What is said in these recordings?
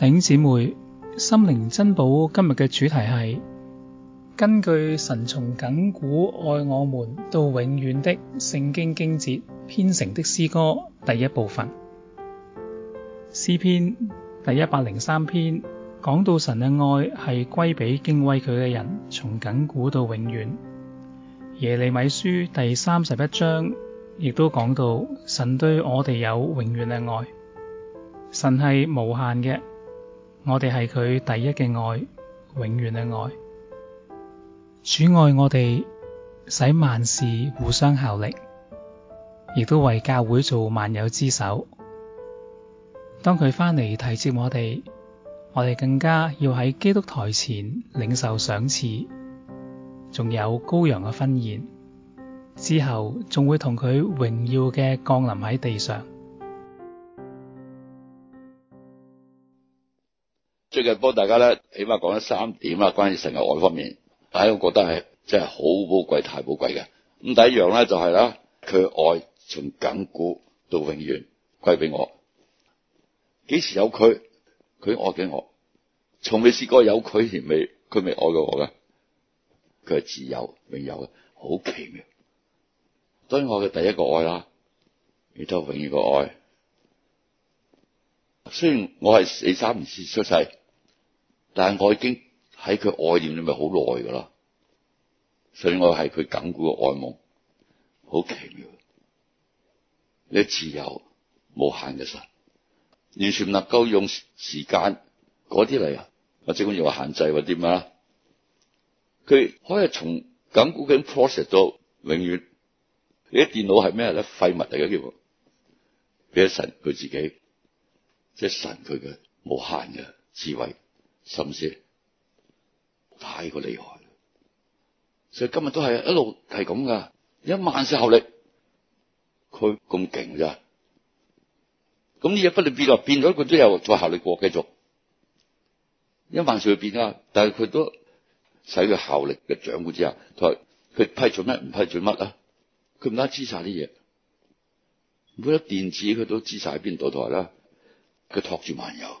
弟兄姊妹，心靈珍寶今日嘅主題係根據神從亙古愛我們到永遠的聖經經節編成的詩歌第一部分，詩篇第一百零三篇講到神嘅愛係歸俾敬畏佢嘅人，從亙古到永遠。耶利米書第三十一章亦都講到神對我哋有永遠嘅愛，神係無限嘅。我哋係佢第一嘅愛，永遠嘅愛，主愛我哋，使萬事互相效力，亦都為教會做萬有之首。當佢返嚟提接我哋，我哋更加要喺基督台前領受賞賜，仲有羔羊嘅婚宴，之後仲會同佢榮耀嘅降臨喺地上。最近幫大家咧，起碼講咗三點啊，關於成日愛神嘅愛方面，大家我覺得係真係好寶貴、太寶貴嘅。咁第一樣咧就係、是、啦，佢嘅愛從亙古到永遠歸俾我。幾時有佢，佢愛緊我。從未試過有佢而未，佢未愛過我嘅。佢係自有，永有嘅，好奇妙。當然我嘅第一個愛啦，亦都永遠嘅愛。雖然我係死三唔知出世。但係我已經喺佢愛念裡面好耐噶啦，所以我係佢亙古嘅愛慕，好奇妙。你自由無限嘅神，完全唔能夠用時間嗰啲嚟啊，或者講要話限制或點啊，佢可以從亙古緊 process 到永遠。啲電腦係咩咧？廢物嚟嘅，叫本俾咗神佢自己，即係神佢嘅無限嘅智慧。甚至太過厲害，所以今日都係一路係咁噶。一萬事效力，佢咁勁咋？咁呢嘢不斷變落，變咗佢都有再效力過，繼續。一萬事會變啊，但係佢都使佢效力嘅掌管之下，佢佢批准咩？唔批准乜啊？佢唔單止知晒啲嘢，每一電子佢都知晒喺邊度台啦。佢托住萬有。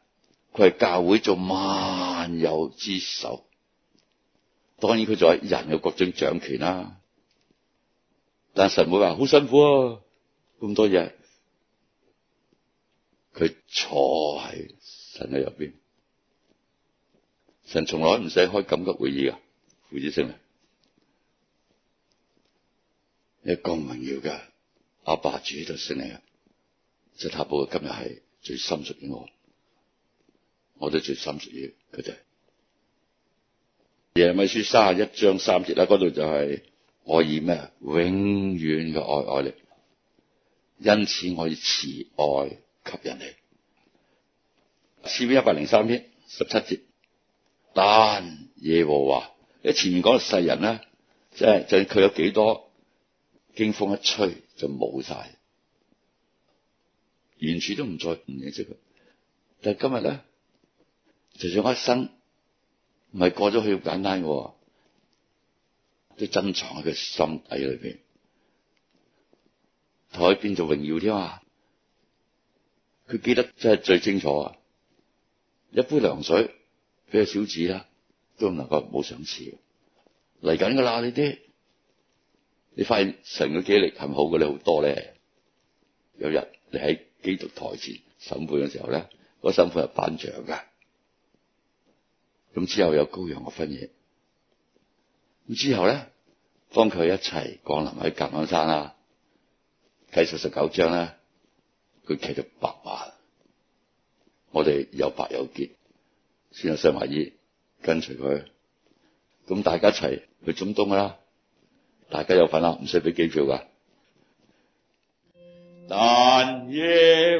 佢係教會做萬有之首，當然佢做人嘅各種掌權啦。但神唔會話好辛苦啊，咁多嘢，佢坐喺神嘅入邊，神從來唔使開緊急會議噶。副主席啊，你咁重要噶，阿 爸主度信你啊，即係塔布今日係最深屬於我。我都最深說嘢，佢就係耶利米書卅一章三節啦，嗰度就係我以咩永遠嘅愛愛你，因此我以慈愛吸引你。詩篇一百零三篇十七節，但耶和華，喺前面講個世人咧，即係就佢、是、有幾多，驚風一吹就冇晒，完全都唔再唔認識佢，但今日咧。就算我一生唔係過咗去，簡單嘅都珍藏喺佢心底裏邊，台可變做榮耀添啊！佢記得真係最清楚啊！一杯涼水，俾個小子啦，都能夠唔冇上次嚟緊噶啦！你啲你發現神嘅記憶力係好過你好多咧。有日你喺基督台前審判嘅時候咧，嗰個審判係班長嘅。咁之後有羔羊個婚宴，咁之後咧，當佢一齊降臨喺橄欖山啦。啟示十九章啦，佢騎著白馬，我哋又白又潔，先有細麻衣跟隨佢，咁大家一齊去中東啦。大家有份啦，唔使俾機票噶。但夜